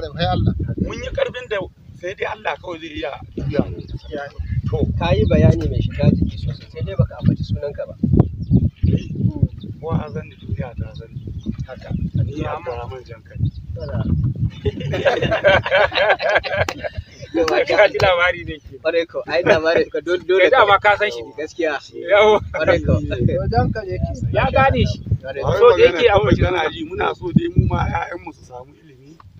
kare kai Allah mun yi karfin da sai dai Allah kawai zai iya juya to ka yi bayani mai shiga jiki sosai sai dai baka ambaci sunanka ba ko a zan duniya ta zan haka ni ya amma mun ji da ya gane shi so da yake abu muna so dai mu ma su samu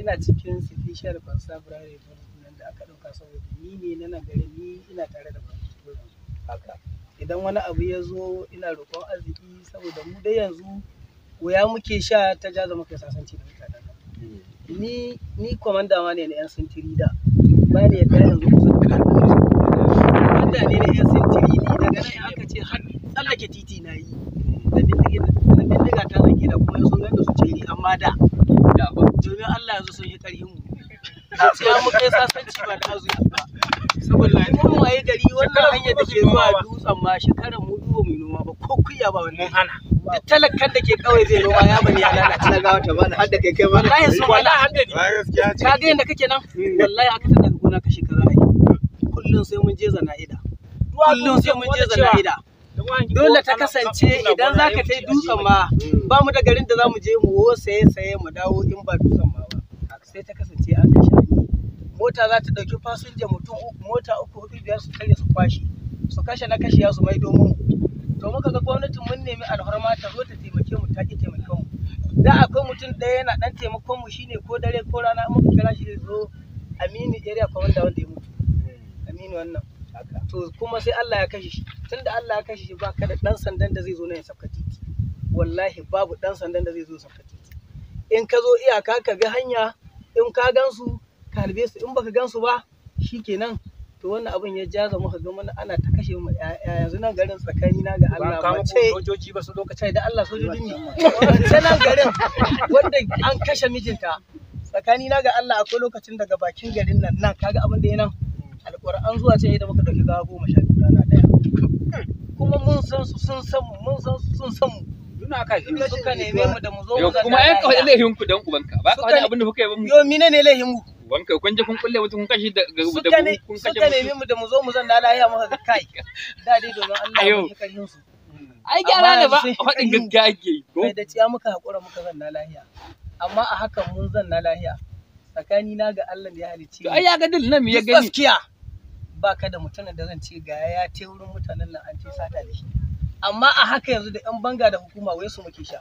ina cikin special constabulary nan da aka ɗauka saboda ni ne na nagari ni ina tare da bayan haka idan wani abu ya zo ina roƙon arziki saboda mu dai yanzu wuya muke sha ta ja zama kai sasanci da mutanen hmm. ni ni komanda ma ne na yan sintiri da ba ne yadda yanzu kusan komanda ne na yan sintiri ni daga nan aka ce har tsallake titi na yi da bindiga ta zage da kuma sun ganda su ceri amma da domin Allah yanzu sun yi ƙarfin mu a ce mu kai sasanci ba ta zuwa ba saboda mun waye gari wannan hanyar da ke zuwa dutsen ma shekarar mu duba mu noma ba ko kuya ba wannan hana duk talakan da ke kawai zai noma ya bani ya lalace na gawa ta bana har da kai kai ba wallahi sun wala hadda ni ka ga yanda kake nan wallahi aka tada gona ka shekara ai kullun sai mun je zana'ida kullun sai mun je zana'ida dole ta kasance idan za ka tai dutsen ma ba mu da garin da za mu je mu wo saye saye mu dawo in ba dutsen ma ba sai ta kasance an kashe mota za ta ɗauki fasinja mutum mota uku hudu biyar su karya su kwashe su kashe na kashe su mai mu to muka ga gwamnatin mun nemi alhorma ta zo ta taimake mu ta ki taimakon mu da akwai mutum ɗaya yana ɗan taimakon mu shine ko dare ko rana muka kira shi zo aminu area commander wanda ya mutu aminu wannan to kuma sai Allah ya kashe shi tunda Allah ya kashe shi ba ka da dan sandan da zai zo na ya sabka titi wallahi babu dan sandan da zai zo sabka titi in ka zo iyaka ka bi hanya in ka gansu ka halbe su in baka gansu ba shikenan to wannan abin ya jaza muka ga mana ana ta kashe mu yanzu nan garin tsakani na ga Allah Ba ce sojoji ba su lokacin da Allah sojoji ne mace nan garin wanda an kashe mijinta tsakani na ga Allah akwai lokacin daga bakin garin nan nan kaga abin da yana alƙur'an zuwa ce da muka dauki gawa goma sha biyu kuma mun san su sun san mu mun san su sun san mu ka shi suka neme mu da mu zo mu zanna kuma ai laihin ku dan ba ka abin da kuka yi ba mu yo mine ne laihin mu wanka kun je kun kulle mutum kun kashi da da kun kashe suka neme mu da mu zo mu zanna kai da domin Allah mu karin su ai gyara ne ba faɗin da ciya muka hakura muka zanna lafiya amma a hakan mun zanna lafiya tsakani na ga Allah ya halicci ai ya ga dil nan me ya gani gaskiya baka da mutumin da zan ce ga ya te wurin mutanen nan an ce sata da shi amma a haka yanzu da yan banga da hukuma wai su muke sha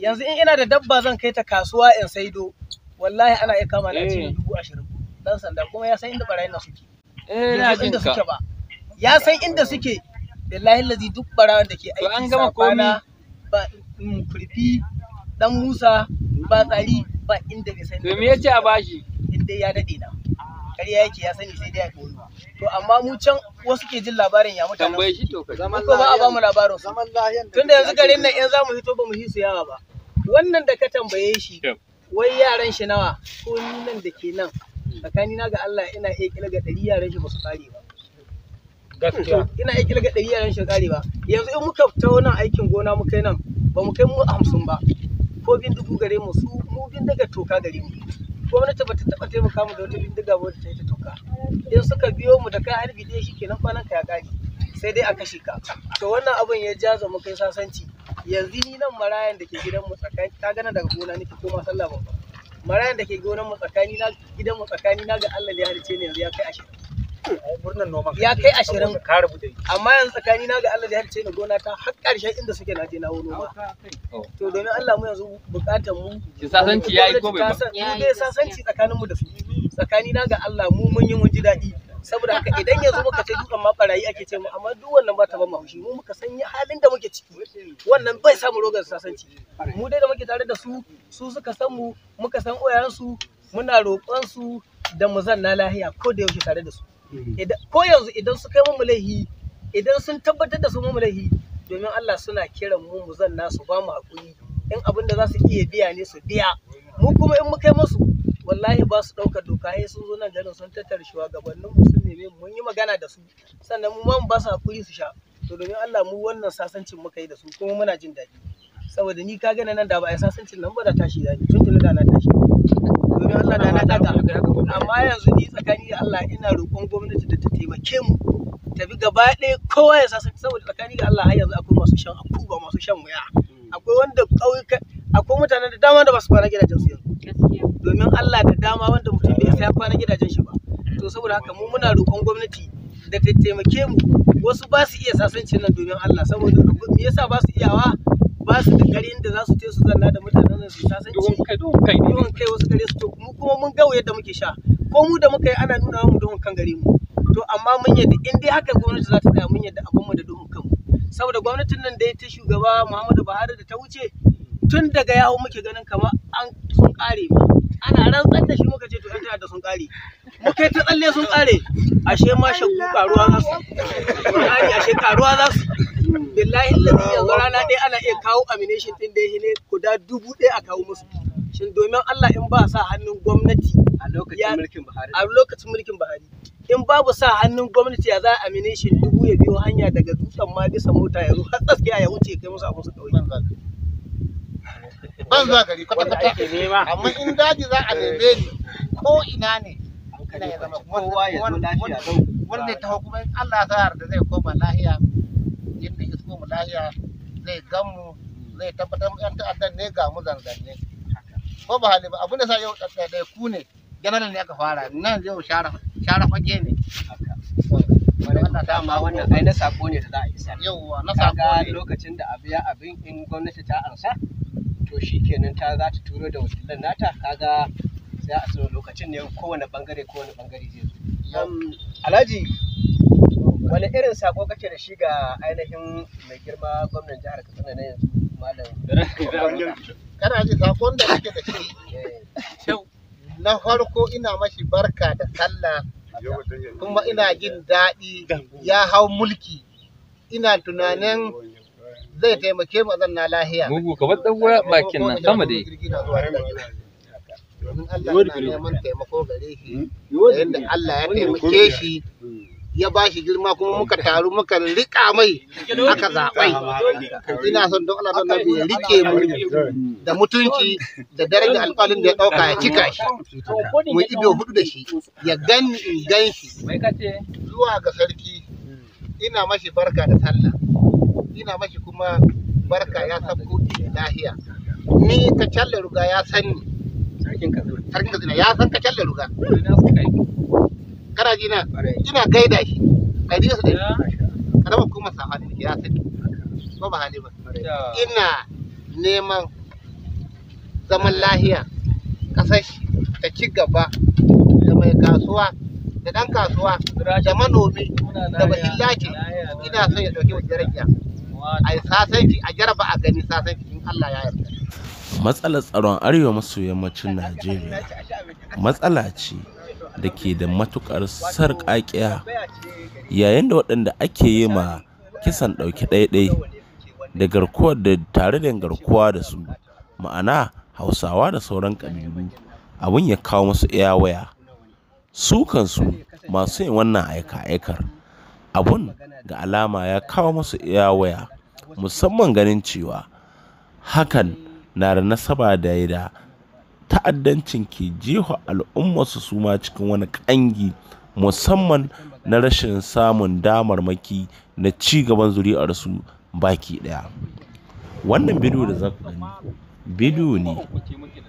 yanzu in ina da dabba zan kai ta kasuwa in saido wallahi ana iya kama na cikin eh. dubu ashirin dan sanda kuma ya san inda barayin na suke eh, ina inda jin ka ba ya san inda suke da lazi duk barayin da ke aiki an gama komi ba mm, kurfi dan Musa ba tsari ba inda bai san to me yace a bashi inda ya dade na kariya yake ya sani sai dai ya koyi to amma mu can wasu ke jin labarin ya mutane tambaye shi to kai zaman ba a ba mu labarin zaman lahiyan tunda yanzu garin nan in za mu fito ba mu hisu yawa ba wannan da ka tambaye shi wai yaran shi nawa ko ni nan da ke nan tsakani na ga Allah ina iya ga ɗari yaran shi ba su kare ba gaskiya ina iya ga ɗari yaran shi kare ba yanzu in muka fita wannan aikin gona mu kai nan ba mu kai mu hamsin ba ko bin dubu gare mu su mu bin daga toka gare mu gwamnati bata taba taimaka mu da wata bindiga ba ta yi ta toka in suka biyo mu da kai harbi shi kenan kwanan ka ya kare sai dai a kashe ka to wannan abin ya jaza mu kai sasanci yanzu ni nan marayan da ke gidan mu tsakani ka gana daga gona nake koma sallah babba marayan da ke gonan mu tsakani na gidan mu tsakani na ga Allah ne ya halice ne yanzu ya kai ashirin ya kai ashirin amma yanzu tsakani na ga Allah da halice na gona ta har ƙarshen inda suke na je na noma to domin Allah mu yanzu bukatar mu sasanci yayi ko bai ba sasanci tsakanin mu da su tsakani na ga Allah mu mun yi mun ji daɗi saboda haka idan yanzu muka ce dukan ma barayi ake ce mu amma duk wannan ba ta ban haushi mu muka san halin da muke ciki wannan bai samu rogar sasanci mu dai da muke tare da su su suka san mu muka san oyayen muna roƙon su da mu zanna lahiya ko da yaushe tare da su Hmm. ko yanzu idan su kai mu laihi idan sun tabbatar da su mu laihi domin Allah suna kiran mu mu zan nasu ba mu hakuri in abin da za su iya biya ne su biya mu kuma in mu kai musu wallahi ba su ɗaukar doka sai sun zo nan garin sun tattara shugabannin mu sun neme mu mun yi magana da su sannan mu ma mu ba su hakuri su sha to domin Allah mu wannan sasancin muka yi da su kuma muna jin daɗi saboda ni kaga nan da ba a sasancin nan ba da tashi da ni tun da na tashi domin Allah da na daga amma yanzu ni tsakani da Allah ina roƙon gwamnati da ta taimake mu bi gaba ɗaya kowa ya san saboda tsakani da Allah har yanzu akwai masu shan akuba masu shan wuya hmm. akwai wanda ƙauyuka akwai mutanen da dama da ba su fara gidajen su yanzu domin Allah da dama wanda mutum bai sai fara gidajen shi ba to saboda haka mu muna roƙon gwamnati da ta taimake mu wasu ba su iya sasancin nan domin Allah saboda me yasa ba su iyawa ba su da garin da za su je su zanna da mutanen nan su sasanci duhun kai duhun kai duhun kai wasu gare su to mu kuma mun ga yadda muke sha ko mu da muka yi ana nuna mu duhun kan gare mu to amma mun yadda in dai haka gwamnati za ta tsaya mun yadda abun mu da duhun kanmu saboda gwamnatin nan dai ta shugaba Muhammadu Buhari da ta wuce tun daga yawo muke ganin kamar an sun kare mu ana rantsar da shi muka ce to yan tana da sun kare muka ta tsalle sun kare ashe ma shakku karuwa za su ashe karuwa za su billahi lalzi yanzu rana ɗaya ana iya kawo amination ɗin dai ne guda dubu ɗaya a kawo musu shin domin Allah in ba sa hannun gwamnati a lokacin mulkin Buhari a lokacin mulkin Buhari in babu sa hannun gwamnati ya za a amination dubu ya biyo hanya daga dutsen ma bisa mota ya zo har tsakiya ya wuce kai musu a musu kauye ban za gari kwata kwata amma in daji za a neme ni ko ina ne ina ya zama kowa ya zo lafiya wanda ya kuma in Allah ya sa da zai koma lafiya inda isko mu lahiya zai gan mu hmm. zai tabbatar mu yan ta'addan ne ga mu zanzanne ko ba hali ba abin da sa yau ɗaiɗai ku ne janaral ne aka fara nan yau share fage ne dama wannan ai na sako ne da za a isa yauwa na sako ne lokacin da abu ya abin in gwamnati ta ansa to shikenan ta za ta turo da wakilan nata kaga sai a tsoro lokacin ne kowane bangare kowane bangare zai zo um, alhaji wani irin sako kake da shi ga ainihin mai girma gwamnan jihar katsina na yanzu malam kana ji sakon da kake da shi na farko ina mashi barka da sallah kuma ina jin daɗi ya hau mulki ina tunanin zai taimake mu zan lahiya mugu ka bar dawura bakin nan sama dai domin Allah na neman taimako gare shi yadda Allah ya taimake shi hmm. ya ba shi girma kuma muka taru muka rika mai aka zaɓai ina son don Allah don ya rike mu da mutunci da daraja alƙalin da ya ɗauka ya cika shi mu ido hudu da shi ya gan gan shi zuwa ga sarki ina mashi barka da sallah ina mashi kuma barka ya sabko lahiya ni ka challe ruga ya sani sarkin kaduna ya san ka challe ruga kana ji na ina gaida shi ka ji su da ka raba kuma sahani ne ya sani ko ba hali ba ina neman zaman lahiya kasar ta ci gaba da mai kasuwa da ɗan kasuwa da manomi da bahillaci ina son ya ɗauki wajen rakiya a yi sasanci a jaraba a gani sasanci in Allah ya yarda. Matsalar tsaron arewa maso yammacin Najeriya matsala ce da ke da matukar sarƙaƙiya yayin da waɗanda ake yi ma kisan ɗauki ɗaiɗai da garkuwar da tare da garkuwa da su ma'ana hausawa da sauran ƙabilu abin ya kawo musu waya su kansu masu yin wannan aika-aikar abun ga alama ya kawo musu waya musamman ganin cewa hakan na da nasaba da ya da ta'addancin ke jefa al'ummarsu su ma cikin wani ƙangi, musamman na rashin samun damarmaki na ci gaban zuri'arsu baki ɗaya. Wannan bidiyo da za ku gani, bidiyo ne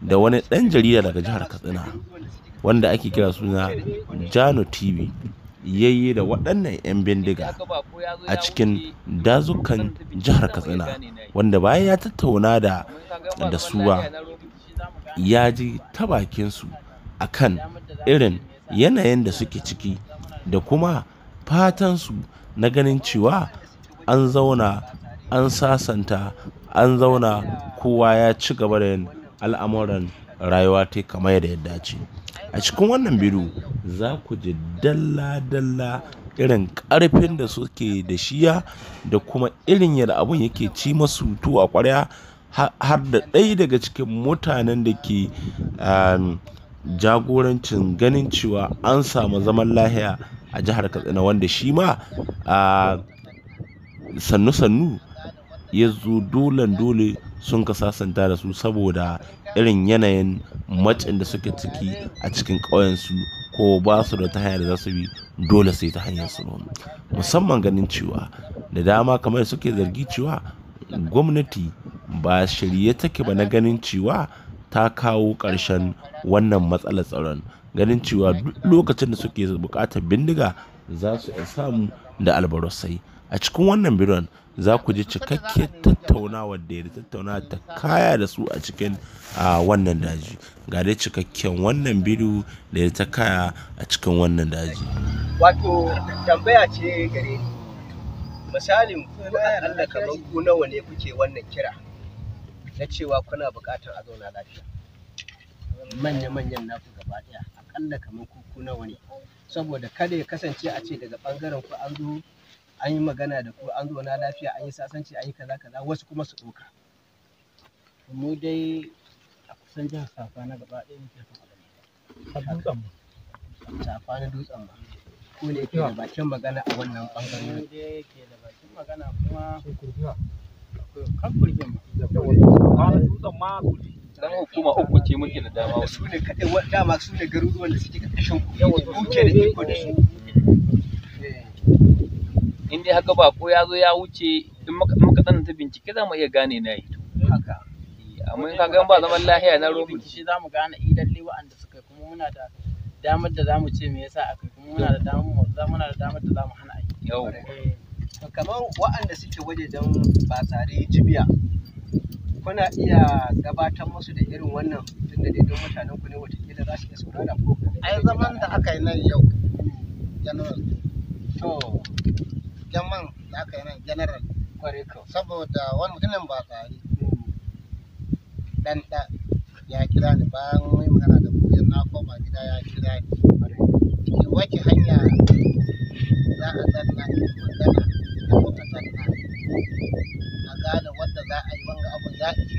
da wani ɗan jarida daga jihar Katsina wanda ake kira suna Jano TV yayi da waɗannan 'yan bindiga a cikin dazukan jihar Katsina wanda bayan ya tattauna da da suwa ya ji ta bakinsu a kan irin yanayin da suke ciki da kuma fatansu na ganin cewa an zauna an sasanta an zauna kowa ya ci gaba da yin al'amuran rayuwa ta kamar yadda ya dace a cikin wannan bidiyo za ku ji dalla-dalla irin ƙarfin da suke da shiya da kuma irin yadda abun yake ci masu tuwa ƙwarya har da ɗaya daga cikin mutanen da ke um, jagorancin ganin cewa an samu zaman lahiya a jihar katsina wanda shi ma sannu-sannu ya zo dole dole sun ka da su saboda irin yanayin macin da suke ciki a cikin ƙauyensu ko ba su da ta hanyar da za su bi dole sai ta hanyar su musamman ganin cewa da dama kamar suke zargi cewa gwamnati ba shirye take ba na ganin cewa ta kawo ƙarshen wannan matsalar tsaron ganin cewa duk lokacin da suke buƙatar bindiga za su iya samu da albarosai a cikin wannan biron za ku ji cikakke tattaunawa da ya tattauna ta kaya da su a cikin wannan daji ga dai cikakken wannan bidiyo da ya ta kaya a cikin wannan daji wato tambaya ce gare ni misalin ku Allah kamar ku nawa ne kuke wannan kira na cewa kuna buƙatar a zauna lafiya manya-manyan naku gaba ɗaya akalla kamar ku ku nawa ne saboda kada ya kasance a ce daga ɓangaren ku an zo an yi magana da ku an zauna lafiya an yi sasanci an yi kaza kaza wasu kuma su ɗauka mu dai a kusan jihar safa na gaba ɗaya muke son a safa na dutsen mu. ku ne ke da bakin magana a wannan ɓangaren. Ke da bakin magana kuma dan hukuma uku ce muke da dama su ne kadai dama su ne garuruwan da suke kashin ku kuke da iko da su in dai haka ba ko ya zo ya wuce in muka tsananta bincike za mu iya gane na yi haka eh, amma in kaga ba zaman lahiya na rubu shi za mu gane idan lewa da suka kuma muna da damar da za mu ce me yasa aka muna da damar da za mu hana aiki yau kamar waɗanda suke wajejen batsari jibiya kuna iya gabatar musu da irin wannan tunda da don mutanen ku ne watakila za su iya saurara ko ai zaman da aka yi nan yau general to jaman da aka yi nan general saboda wani mutumin ba dan ya kira ni bayan mai magana da ku na koma gida ya kira ni ki wace hanya za a zanna magana da kuka zanna a gane wanda za a yi wanga abu za a ce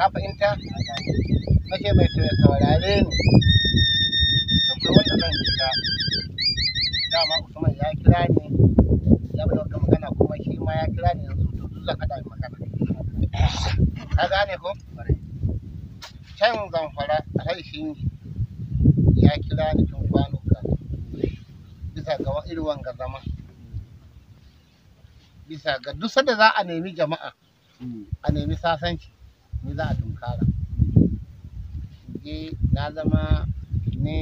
ka fahimta nake mai tuya saurare ni da kuma wanda zan kira dama usman ya kira ni ya bada wata magana kuma shi ma ya kira ni yanzu to duk zan haɗa magana ka gane ko can zamfara a haishin ya kira ni tun kwano bisa ga irin wanga zama bisa ga duk sanda za a nemi jama'a a nemi sasanci ni za a tunkara je na zama ne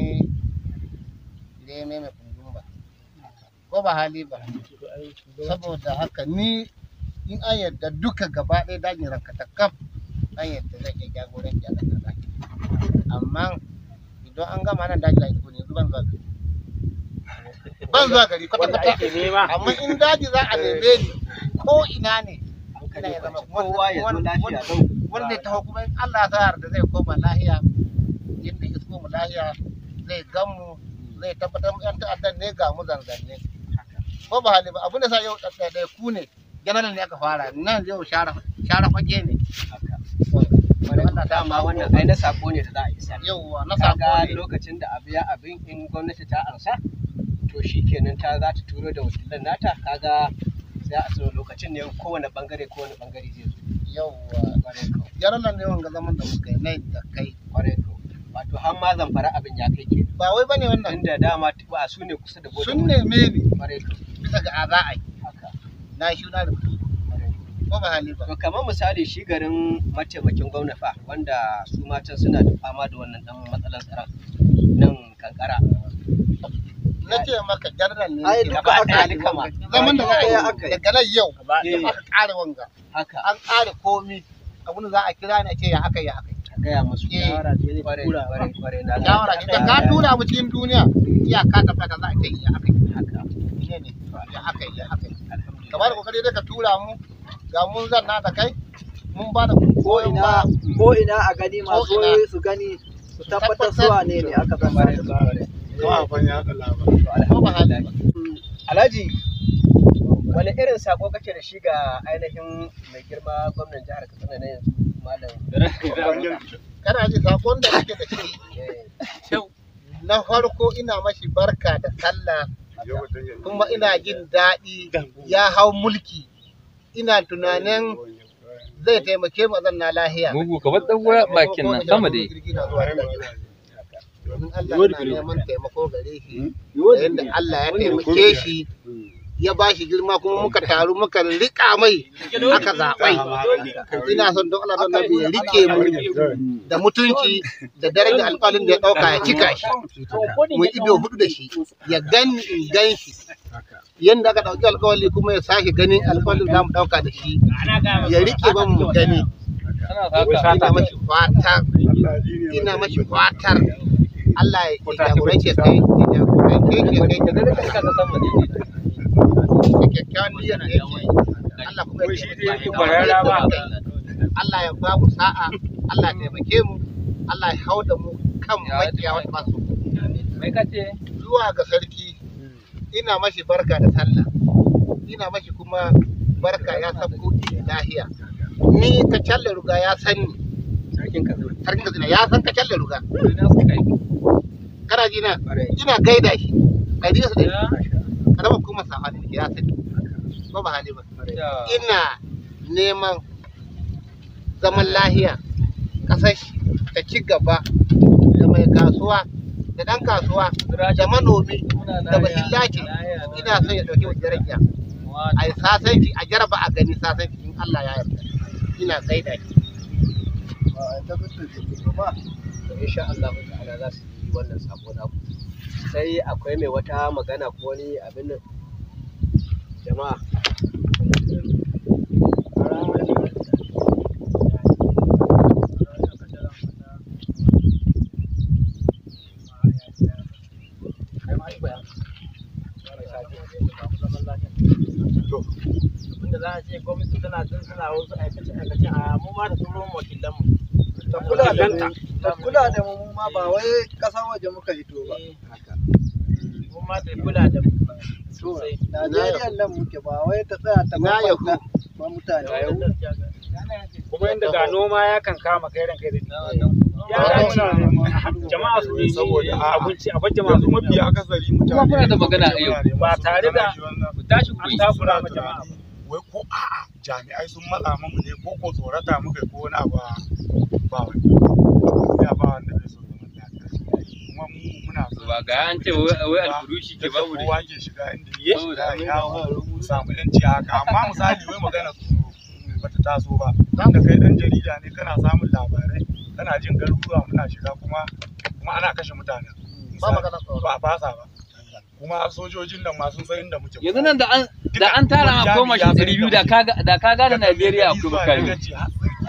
mai mai ba, ko ba hali ba saboda haka ni in an yarda duka gaba ɗaya dajin rankatakaf san yadda amma idan an gama nan daji zuwa gari ban zuwa gari kwata kwata amma in daji za a neme ni ko ina ne ina ya zama ya in Allah ya yarda zai koma lahiya yadda isko mu lahiya zai zai tabbatar mu yan ta'addan ne ga mu zanzanne ko ba hali ba abin da sa yau ku ne general ne aka fara nan zai share share fage ne wannan dama wannan ai na sako ne da za a yi sa yauwa na sako ne lokacin da abu ya abin in gwamnati ta ansa to shikenan ta za ta turo da wakilan nata kaga sai a tsoro lokacin ne kowane bangare kowane bangare zai zo yauwa yaran nan ne wanga zaman da muka yi nai da kai kwarai ko wato har ma zamfara abin ya kai ke ba wai bane wannan inda dama ba su ne kusa da bodin sun ne mene kwarai ko bisa ga a za a yi na shi na rubutu ko ba hali ba to kamar misali shi garin mataimakin gwamna fa wanda su matan suna da fama da wannan dan matsalan tsaron nan kankara na ce maka jarran ne ai duka aka yi kama zaman da aka yi aka daga nan yau aka ƙara wanga haka an ƙara komi abin da za a kira ni a ce ya haka ya haka gaya musu eh. shawara ce zai tura bare bare na shawara ce da ka tura mu cikin duniya iyaka ta fata za a ce ya haka haka ne ne ya haka ya haka ka ba da ka tura mu ga mun zan na da kai mun ba da ko ina ko ina a gani masu su gani su tabbatar suwa ne ne aka zama da Alhaji wani irin sako kake da shi ga ainihin mai girma gwamnan jihar Katsina na yanzu malam kana ji sakon da kake da shi eh. na farko ina mashi barka da sallah kuma ina jin daɗi ya hau mulki ina tunanin zai taimake mu na lahiya mugu ka bar dan waya bakin nan sama dai domin Allah na neman taimako gare shi yadda Allah ya taimake shi hmm. ya ba shi girma kuma muka taru muka rika mai aka zaɓai ina son don Allah don Nabi ya rike mu da mutunci da daraja alƙalin da ya ɗauka ya cika shi mu ido hudu da shi ya gan in gan shi yanda aka ɗauki alƙawali kuma ya sake ganin alƙawalin da mu ɗauka da shi ya rike ba mu gani ina mashi fatar ina mashi fatar Allah ya jagorance kai ya jagorance kai kyakkyawan niyyar yake Allah kuma ya taimake Allah ya ba mu sa'a Allah ya taimake mu Allah ya da mu kan makiya mai kace zuwa ga sarki ina mashi barka da sallah ina mashi kuma barka ya sabko lahiya ni ka challe ruga ya sani sarkin kazina ya san ka challe ruga kana na ina gaida shi su karamar kuma safani ya sani ba ba hali ba ina neman zaman lahiya ƙasar ta ci gaba da mai kasuwa da ɗan kasuwa da manomi da bahillaci ina son ya ɗauki wajen rakiya a yi fi, a jaraba a gani fi, in Allah ya yarda ina sai da shi ba a da ba Allah za su yi wannan sabo na sai akwai mai wata magana ko wani abin nan jama'a ba wai ƙasa waje muka hito ba. Eh, kamata ya kula da mu sosai nan muke ba wai ta tsaya ta ba ba mutane kuma inda ga noma ya kan kama kai ranka da ya jama'a su saboda abinci a jama'a su mafi akasari mutane kuma kuna da magana a yau ba tare da tashi ku takura ma jama'a wai ko a'a jami'ai sun matsa mu ne ko ko tsorata muka ko wani abu ba wani ba wani ba ga an ce wai alburushi ke babu da kowa ke shiga inda ya shiga ya samu yanci haka amma misali wai magana tsoro bata taso ba dan da kai dan jarida ne kana samun labarai kana jin garuruwa muna shiga kuma kuma ana kashe mutane ba magana ba fasa ba kuma sojojin nan muke yanzu nan da an da an tara a koma shi 200 da kaga da kaga da Najeriya akwai bukari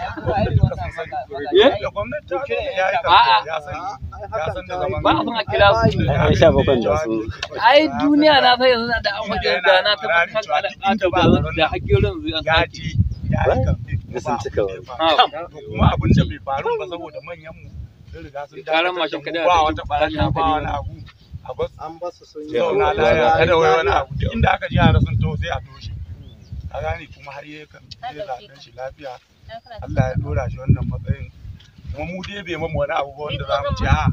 ba abin a ai duniya na yanzu da an da na da zuwa cika kuma abin da bai faru ba saboda manyan mu sun riga sun mashin kada ba wata ba wani abu an ba su sun yi kada wai wani abu inda aka ji yara sun to sai a toshe a gane kuma har yayi kan zai shi lafiya Allah ya dora shi wannan matsayin kuma mu dai bai mamu wani abu wanda za mu ci a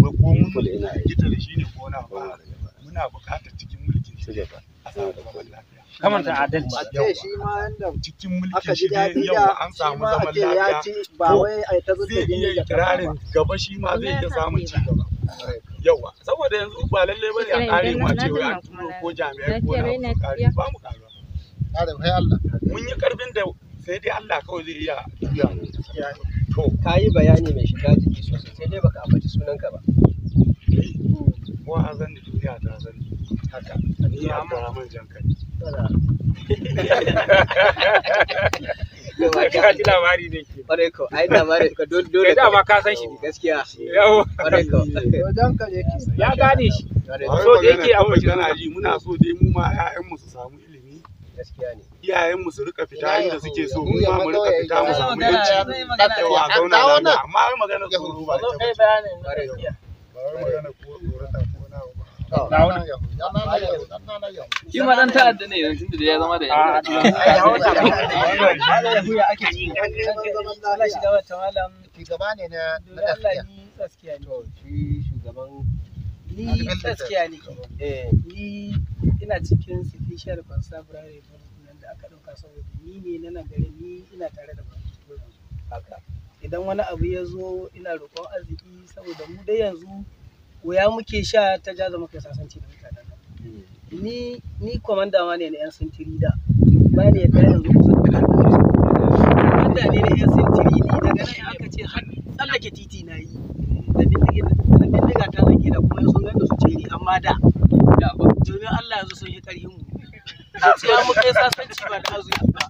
wai ko mun gita da shi ne ko na ba muna buƙatar cikin mulkin shi a samu zaman lafiya kamar da adalci cikin mulkin shi ne yawa an samu zaman lafiya ko zai iya kirarin gaba shi ma zai iya samun ci gaba yawa saboda yanzu ba lallai bane a kare mu a ce wai an turo ko jami'ai ko na ba mu karuwa mun yi karbin da sai dai Allah kawai zai iya to ka yi bayani mai shiga jiki sosai sai dai baka ambaci sunan ka ba eh, a zan da duniya ta zan haka ni ya jankan ya gane shi so da yake abu muna so dai mu ma su samu ilimi iyayen mu su rika fita inda suke so mu ma mu rika fita mu samu yanci amma magana ba ta kai bayanin na gaskiya ba wai shi ma dan ta'adda ne yanzu da ya zama da yanzu ne na gaskiya shi shugaban ni gaskiya ne eh, ni ina cikin special constabulary nan da aka dauka saboda ni ne na nan gari ni ina tare da haka idan wani abu ya zo ina roƙon arziki saboda mu dai yanzu wuya muke sha ta jaza muka sasanci da mutanen hmm. ni ni komanda ma ne na yan sintiri da ba ne ya yanzu kusa da inda ne na yan sintiri ni daga nan aka ce har tsallake titi na yi da bindiga ta zage da kuma sun ganda su ce ni amma da domin Allah yanzu sun yi ƙarfin mu sai mu kai sasanci ba da arziki ba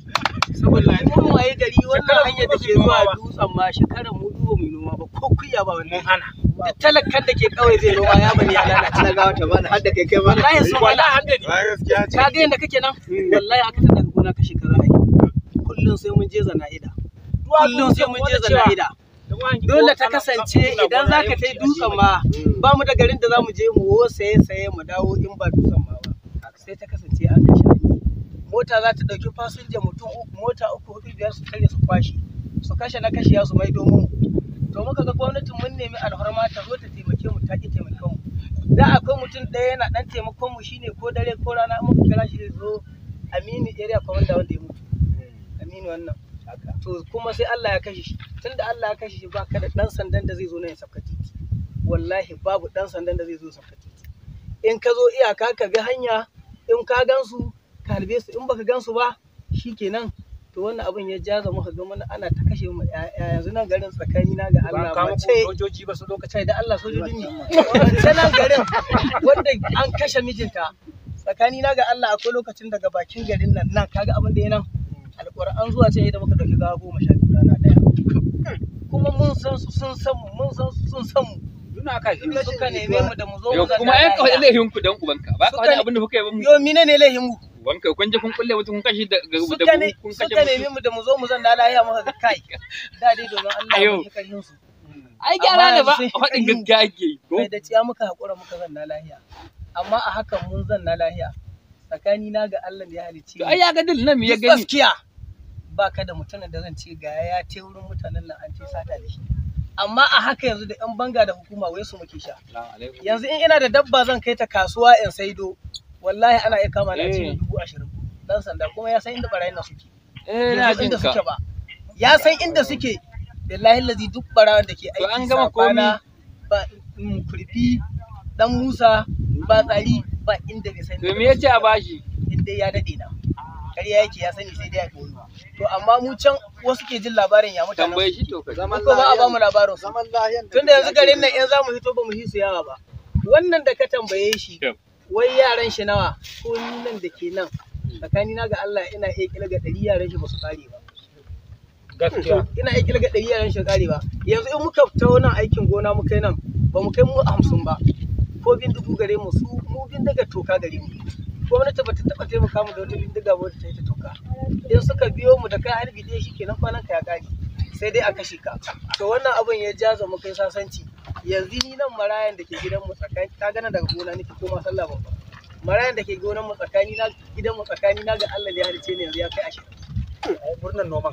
saboda mun waye gari wannan hanyar da ke zuwa dutsen ma shekarar mu duwa mu noma ba ko kuya ba wannan hana duk talakan da ke kawai zai noma ya bani ya lalace na gawa ta bana har da kai kai bana wallahi su wallahi har da ni ka ga yanda kake nan mm. wallahi aka ta daga gona ka shekara ai kullun sai mun je zana'ida kullum sai mun je zana'ida dole ta kasance idan za ka ta yi dutsen ma ba mu da garin da za mu je mu saye saye mu dawo in ba dutsen ma ba sai ta kasance an kashe mota za ta ɗauki fasinja mutum uku mota uku hudu biyar su tare su kwashe su kashe na kashe su mai mu to muka ga gwamnatin mun nemi alhorma ta zo ta taimake mu ta ki taimakon mu da akwai mutum ɗaya yana ɗan taimakon mu shine ko dare ko rana muka kira shi zo aminu area commander wanda ya mutu aminu wannan to kuma sai Allah ya kashe shi tunda Allah ya kashe shi ba ka da dan sandan da zai zo na ya safka titi wallahi babu dan sandan da zai zo safka titi in ka zo iyaka ka ga hanya in ka gansu ka halbe su in baka gansu ba shikenan to wannan abin ya jaza muka ga mana ana ta kashe mu yanzu nan garin tsakani na ga Allah Ba mace sojoji ba su lokaci da Allah sojoji ne mace nan garin wanda an kashe mijinta tsakani na ga Allah akwai lokacin daga bakin garin nan nan kaga abin da ya nan alƙur'an zuwa ce idan muka ɗauki gawa goma sha biyu rana ɗaya kuma mun san su sun san mu mun san su sun san mu suna ka shi ne suka neme mu da mu zo mu zaka kuma ai kawai laifin ku dan uban ka ba kawai abin da kuka yi ba mu yo mine ne laifin mu ka kun je kun kulle mutum kun kashi da da kun kashi suka ne suka neme mu da mu zo mu zan lafiya muka ga kai da dai domin Allah ya kashe su ai gyara ne ba faɗin gaggage ko da ciya muka hakura muka zan lafiya amma a hakan mun zan lafiya tsakani na ga Allah ya halicci ai ya ga dil nan me ya gani gaskiya ba ka da mutumin da zan ce ga ya ce wurin mutanen nan an ce sata da shi amma a haka yanzu da yan banga da hukuma wai su muke sha yanzu in ina da dabba zan kai ta kasuwa in saido wallahi ana iya kama na cikin eh. dubu ashirin dan sanda kuma ya san inda barayin nan suke eh, inda suke ba ya san inda suke billahi lazi duk barawan da ke aiki sabana ba mm, kurfi dan musa ba tsari ba inda bai san to me yace a bashi inda ya dade na ƙarya yake ya sani sai dai a ɗoro to amma mu can wasu ke jin labarin ya mutane tambaye shi to zaman ba a bamu mu labarin su tunda yanzu garin nan in zamu mu fito ba mu hisu yawa ba wannan da ka tambaye shi wai yaran shi nawa ko ni nan da ke nan tsakanina ga Allah ina iya ga ɗari yaran shi ba su kare ba ina iya kilga ɗari yaran shi kare ba yanzu in muka fita wannan aikin gona mu kai nan ba mu kai mu hamsin ba ko bin dubu gare mu su mu bin daga toka gare mu gwamnati bata taba taimaka mu da wata bindiga ba da ta yi ta toka in suka biyo mu da kai har harbi shi kenan kwanan ka ya kare sai dai a kashe ka to wannan abin ya jaza mu kai sasanci yanzu ni nan marayan da ke gidan mu tsakani ka gana daga gona nake koma sallah ba marayan da ke gonan mu tsakani na gidan mu tsakani na ga Allah ne ya ce ne yanzu ya kai ashirin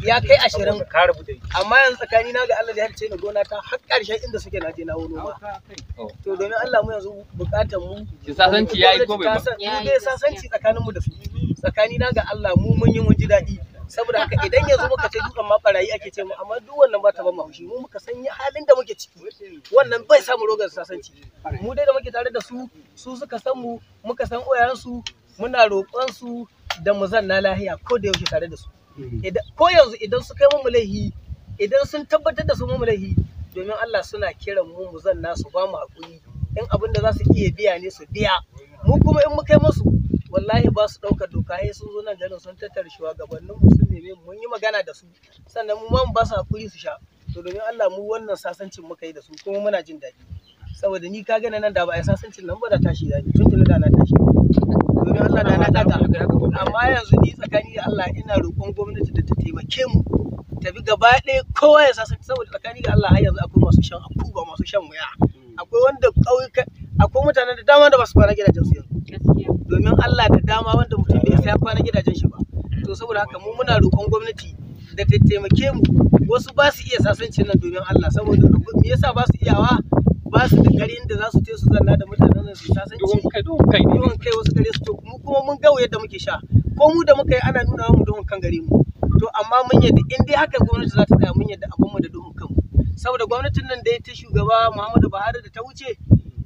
ya kai ashirin amma yanzu tsakani na ga Allah ya halice ni gona ta har ƙarshen inda suke na je na wani ma to domin Allah mu yanzu mu ki sasanci yayi ko bai ba sasanci tsakanin mu da su tsakani na ga Allah mu mun yi mun ji daɗi saboda haka idan yanzu muka ce dukan ma barayi ake ce mu amma duk wannan ba ta ban haushi mu muka halin da muke ciki wannan bai samu rogar sasanci mu dai da muke tare da su su suka san mu muka san oyansu muna roƙon su da mu zanna lahiya ko da yaushe tare da su Mm. ko yanzu idan su kai mu laihi idan sun tabbatar da su mu laihi domin Allah suna kiran mu mu zan nasu ba mu hakuri in abin da za su iya biya ne su biya mu kuma in mu kai musu wallahi ba su ɗaukar doka sai sun zo nan garin sun tattara shugabannin mu sun neme mun yi magana da su sannan mu ma mu ba su hakuri su sha to domin Allah mu wannan sasancin muka yi da su kuma muna jin daɗi saboda ni ka gane nan da ba a sasancin nan ba da tashi zaki tun tuni da na tashi domin Allah da na daga amma yanzu ni tsakani da Allah ina roƙon gwamnati da ta taimake mu ta bi gaba ɗaya kowa ya sasanci saboda tsakani da Allah har yanzu akwai masu shan ba masu shan wuya hmm. akwai wanda ƙauyuka akwai mutanen da dama da ba su kwana gidajen su yanzu domin Allah da dama wanda mutum bai sai kwana gidajen shi ba to saboda haka mu muna roƙon gwamnati da ta taimake mu wasu ba su iya sasancin nan domin Allah saboda me yasa ba su iyawa ba su da garin da za su je su zanna da mutanen su sasanci duwan kai duwan kai duwan kai wasu gare su to mu kuma mun ga yadda muke sha ko mu da muka yi ana nuna mu duwan kan gare mu to amma mun yadda in dai haka gwamnati za ta tsaya mun yadda abun mu da duwan kanmu saboda gwamnatin nan da ta shugaba Muhammadu Buhari da ta wuce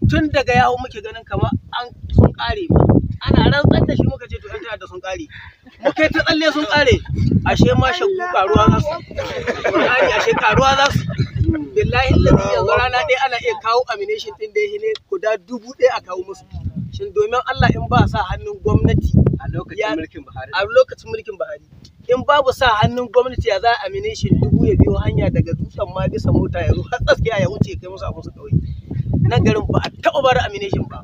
tun daga yawo muke ganin kamar an sun kare ana rantsar da shi muka ce to yan da sun kare Mu muke ta tsalle sun tsare ashe ma shaggu karuwa za su ƙur'ani ashe karuwa za su billahi lalli yanzu rana ɗaya ana iya kawo amination ɗin da ya ne guda dubu ɗaya a kawo musu shin domin Allah in ba sa hannun gwamnati a lokacin mulkin Buhari a lokacin mulkin Buhari in babu sa hannun gwamnati ya za a amination dubu ya biyo hanya daga dutsen ma bisa mota ya zo har tsakiya ya wuce kai musu a musu ƙauye nan garin ba a taɓa bar amination ba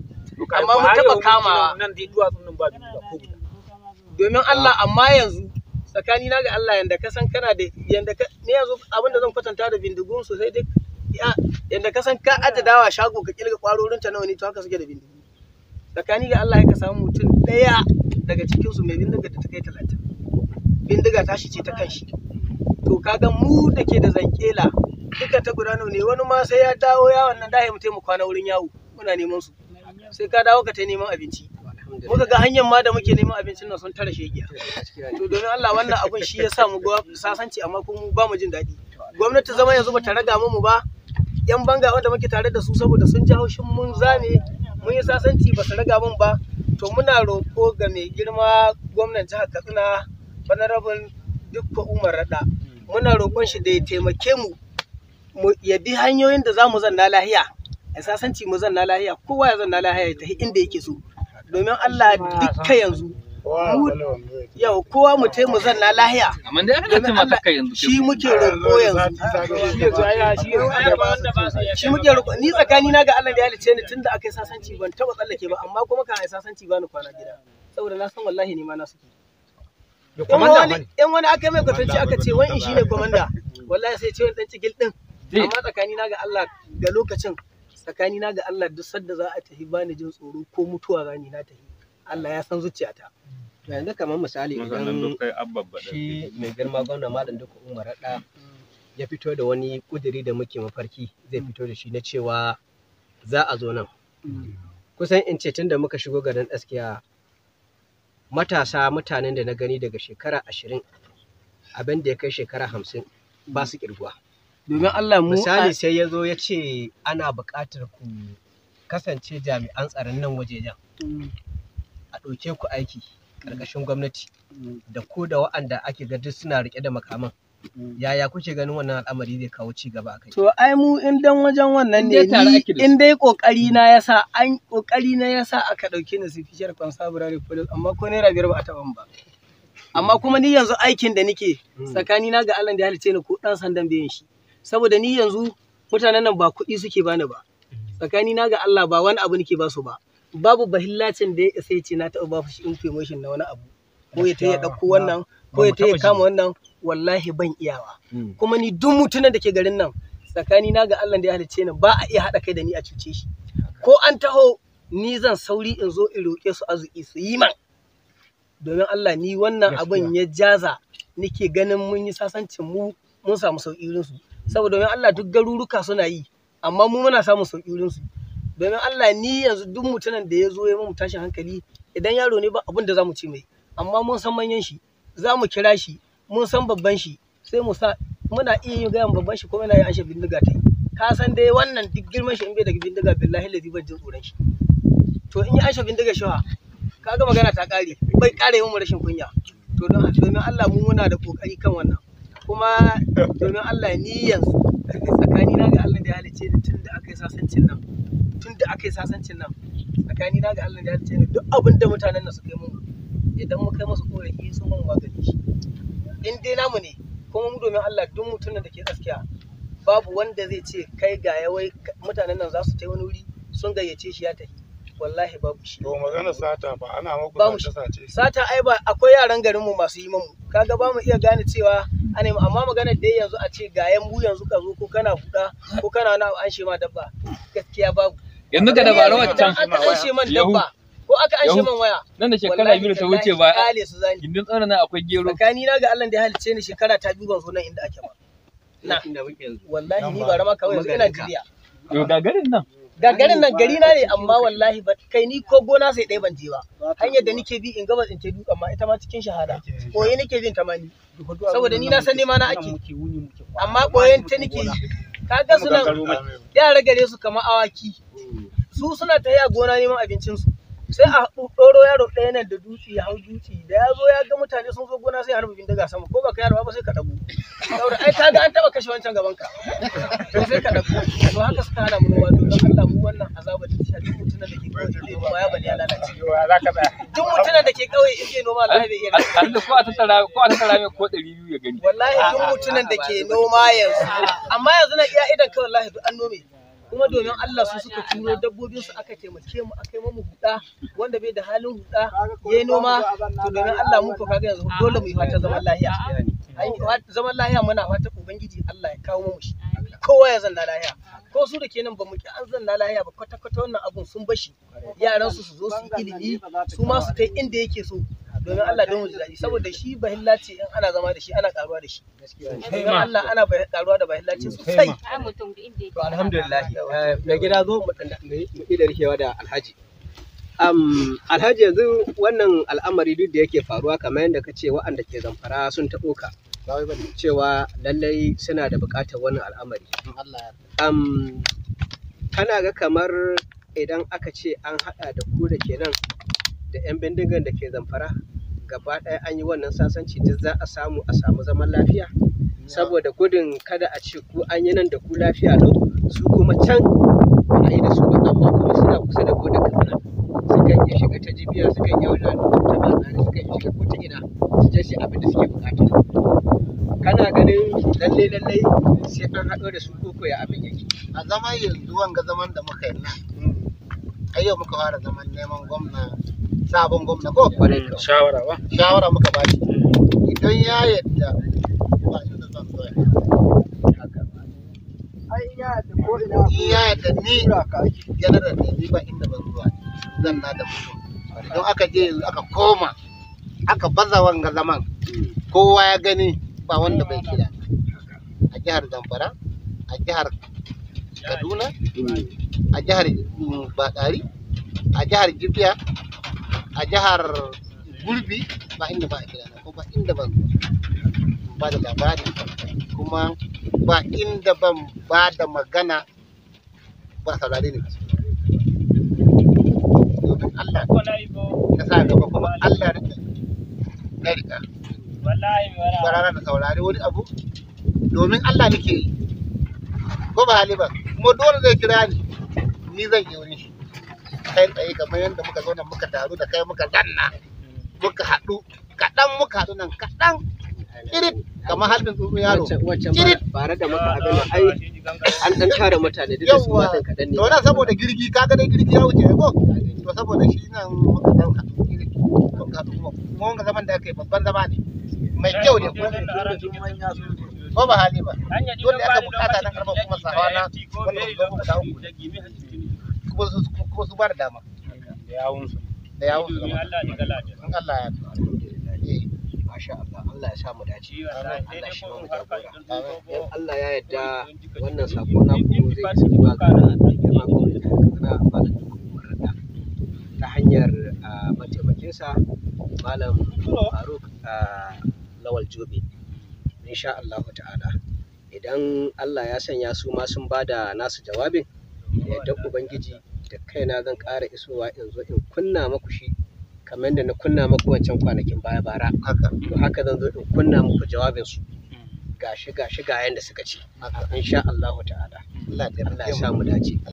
amma mun taɓa kamawa nan dai duwatsun nan ba ko domin Allah amma yanzu tsakani na ga Allah yanda ka san kana da yanda ka ne yanzu abin da zan kwatanta da bindigun sosai duk yanda ka san ka aje dawa shago ka kirga kwarorin ta nawa ne to haka suke da bindigu tsakani ga Allah ya samu mutum daya daga cikin su mai bindiga da ta kai 30 bindiga tashi ce ta kan shi to kaga mu da ke da zankela duka ta guda nawa ne wani ma sai ya dawo yawon nan dahi mu taimaka na wurin yawo muna neman su sai ka dawo ka ta neman abinci muka ga hanyar ma da muke neman abincin nan sun tara shegiya to domin Allah wannan abun shi ya sa mu ga sasanci amma kuma mu ba mu jin daɗi gwamnati zama yanzu bata raga mu ba yan banga wanda muke tare da su saboda sun ji haushin mun zame mun yi sasanci ba su raga mun ba to muna roƙo ga mai girma gwamnan jihar Katsina honorable Dukko Umar Rada muna roƙon shi da ya taimake mu ya bi hanyoyin da za mu zanna lahiya a sasanci mu zanna lahiya kowa ya zanna lahiya ya inda yake so domin Allah duka yanzu yau kowa mu tai mu zanna lahiya amma dai aka ce mata kai yanzu shi muke roƙo yanzu shi muke roƙo ni tsakani na ga Allah da ya halice ni tunda aka yi sasanci ban taba tsallake ba amma kuma kan ai sasanci ba ni kwana gida saboda na san wallahi ni ma na suke in wani aka mai kwatanci aka ce wani shi ne komanda wallahi sai ce wani dan cikin din amma tsakani na ga Allah ga lokacin na ga Allah duk sadda za a tafi bani jin tsoro ko mutuwa ni na tafi Allah ya san zuciyata to yanzu kamar misali idan shi mai girma gwamna malam duka Umar Rada ya fito da wani kudiri da muke mafarki zai fito da shi na cewa za a zo nan kusan in ce tun da muka shigo garin askiya matasa mutanen da na gani daga shekara ashirin abin da ya kai shekara hamsin ba su kirguwa domin Allah mu misali sai ya zo ya ce ana buƙatar ku kasance jami'an tsaron nan wajejen mm. a ɗauke ku aiki mm. ƙarƙashin gwamnati da ko da wa'anda ake ga duk suna riƙe da makaman mm. yaya kuke ganin wannan al'amari zai kawo ci gaba akai to ai mu in dan wajen wannan ne ni in dai kokari na yasa an kokari na yasa aka dauke ni sufficient constabulary police amma ko naira biyar ba a taɓa ba amma kuma ni yanzu aikin da nike tsakani na ga Allah da ya halice ni ko dan sandan bayan shi saboda ni yanzu mutanen nan ba kuɗi suke bani ba tsakani na ga Allah ba wani abu nake ba su ba babu bahillacin da ya isa ce na taɓa ba shi information na wani abu ko ya ta ya ɗauko wannan ko ya ta ya kama wannan wallahi ban iyawa hmm. kuma ni duk mutunan da ke garin nan tsakani na ga Allah da ya halicce ni ba a iya haɗa kai da ni a cuce shi ko an taho ni zan sauri in zo in roƙe su azuki su yi man domin Allah ni wannan abin ya jaza nake ganin mun yi sasancin mu mun samu sauƙi su saboda domin Allah duk garuruka suna yi amma mu muna samun sauki wurin su domin Allah ni yanzu duk mutumin da ya zo ya mu tashin hankali idan yaro ne ba abin da zamu ce mai amma mun san manyan shi za mu kira shi mun san babban shi sai mu sa muna iya yin gayan babban shi ko yana yin ashe bindiga ta ka san dai wannan duk girman shi in bai daga bindiga billahi ladi ban jin tsoron shi to in yi ashe bindiga shawa kaga magana ta kare bai kare mu rashin kunya to don domin Allah mu muna da kokari kan wannan kuma domin Allah ni yanzu tsakani na ga Allah da ya halice ni tun da aka yi sasancin nan tun da aka yi sasancin nan tsakani na ga Allah da ya halice ni duk abin da mutanen nan suka yi mun idan mu kai musu korafi sun mun magani in dai namu ne kuma mu domin Allah duk mutumin da ke gaskiya babu wanda zai ce kai ga yawai mutanen nan za su ta wani wuri sun gayyace shi ya tafi wallahi babu shi. To magana sata ba ana muku sace Sata ai ba akwai yaran garinmu masu yi mamu kaga ba mu iya gane cewa a nemi amma maganar dai yanzu a ce ga yan yanzu ka zo ko kana fuda ko kana wani abu an she ma dabba gaskiya babu yanzu ga dabaru wacce an she man dabba ko aka an she man waya nan da shekara biyu ta wuce ba gindin tsaron nan akwai gero tsakani na ga Allah da ya halice ni shekara ta biyu ban zo nan inda ake ba na wallahi ni ba rama kawai yanzu ina jiya yo ga garin nan garin nan gari na ne amma wallahi ba kai ni ko gona sai ɗaya ban je ba hanyar da nake bi in gabas in ce duka Amma ita ma cikin shahada koyi nake bin ta ma saboda ni na san nema na ake amma koyen ta nake yi kaga suna yara gare su kamar awaki mm. su suna ta a gona neman abincinsu sai a ɗoro yaro ɗaya nan da dutse ya hau dutse da ya zo ya ga mutane sun zo gona sai a harbi daga sama ko baka yaro ba sai ka dago saboda ai ka ga an taba kashe wancan gaban ka to sai ka dago to haka suka hana mu ruwa don Allah mu wannan azaba da shi duk mutunan da ke kauye ne noma ya bani ya lalace za ka duk mutunan da ke kauye in ke noma Allah bai iya Allah ko a tattara ko a tattara mai ko 200 ya gani wallahi duk mutunan da ke noma yanzu amma yanzu na iya idan kai wallahi duk an nome kuma domin Allah su suka turo dabbobin su aka taimake mu aka mu huda wanda bai da halin huda ya noma to domin Allah mu ko kaga yanzu dole mu yi fata zaman lahiya zaman lahiya muna fata ubangiji Allah ya kawo mu shi kowa ya zanna lahiya ko su da kenan ba mu ki an zanna lahiya ba kwata kwata wannan abun sun bashi yaran su su zo su ilimi su ma su kai inda yake so domin Allah don wuce daɗi saboda shi bahilla ce in ana zama da shi ana karuwa da shi domin Allah ana karuwa da bahilla ce sosai to alhamdulillah da eh, gida zo mu ida rikewa da alhaji um, alhaji yanzu wannan al'amari duk da yake faruwa kamar yadda ka ce wa'anda ke zamfara sun taɓo ka cewa lallai suna da buƙatar wannan al'amari um, kana ga kamar idan aka ce an haɗa da ku da ke nan da 'yan bindigan da ke zamfara gaba ɗaya an yi wannan sasanci duk za a samu a samu zaman lafiya saboda gudun kada a ce ku an yi nan da ku lafiya lau su kuma can ba a yi da su ba amma kuma suna kusa da gudun katsina sukan iya shiga ta jibiya sukan iya wajen ta da sukan iya shiga ko ta ina su je su abin da suke bukata kana ganin lallai-lallai sai an haɗo da su koko ya abin yake a zaman yanzu wanga zaman da muka yi nan hmm. ai yau muka fara zaman neman gwamna sabon gwamna ko mm, kwarai ka shawara ba shawara muka ba shi mm. idan ya yadda ba shi da zan zoya in ya yadda ni general da ni ba inda ban zuwa zan na da mutum idan aka je aka koma aka baza wanga zaman kowa ya gani ba wanda bai kira a jihar zamfara a jihar kaduna a jihar mm, badari a jihar jibiya a jihar gurbi ba inda ba a kira ko ba inda ban ba da labari kuma ba inda ban ba da magana ba saurare ne domin Allah sa gaba kuma Allah na rika barara da saurari wani abu domin Allah nake yi ko ba hali ba kuma dole zai kira ni ni zan yi wani kai tsaye kamar yadda muka zauna muka taru da kai muka zanna muka haɗu kaɗan muka haɗu nan kaɗan kirit kamar harbin tsuntsun yaro kirit bare da muka abin ai an ɗan tara mutane duk su matan kaɗan ne to saboda girgi kaga dai girgi ya wuce ko to saboda shi nan muka zan haɗu kirit muka haɗu kuma kuma zaman da aka yi babban zama ne mai kyau ne ko ba hali ba dole aka bukata na karɓar kuma sahawa na wanda ba mu da hukunci kuma su kuma su ba dama da yawun su da yawun su Allah in Allah ya eh. masha Allah Allah ya sa mu dace Allah shi mu jagora Allah ya yarda wannan sako na ku zai ci ba da girma gwamnati kana da ta hanyar ah, sa malam Faruk ah, Lawal jobi insha Allah ta'ala idan Allah ya sanya su ma sun bada nasu jawabin yadda ubangiji da kaina zan ƙara isowa in zo in kunna maku shi kamar yadda na kunna muku wancan kwanakin baya bara to haka zan zo in kunna muku jawabin su mm. gashi gashi ga yanda suka ce insha Allahu ta'ala Allah ya sa mu dace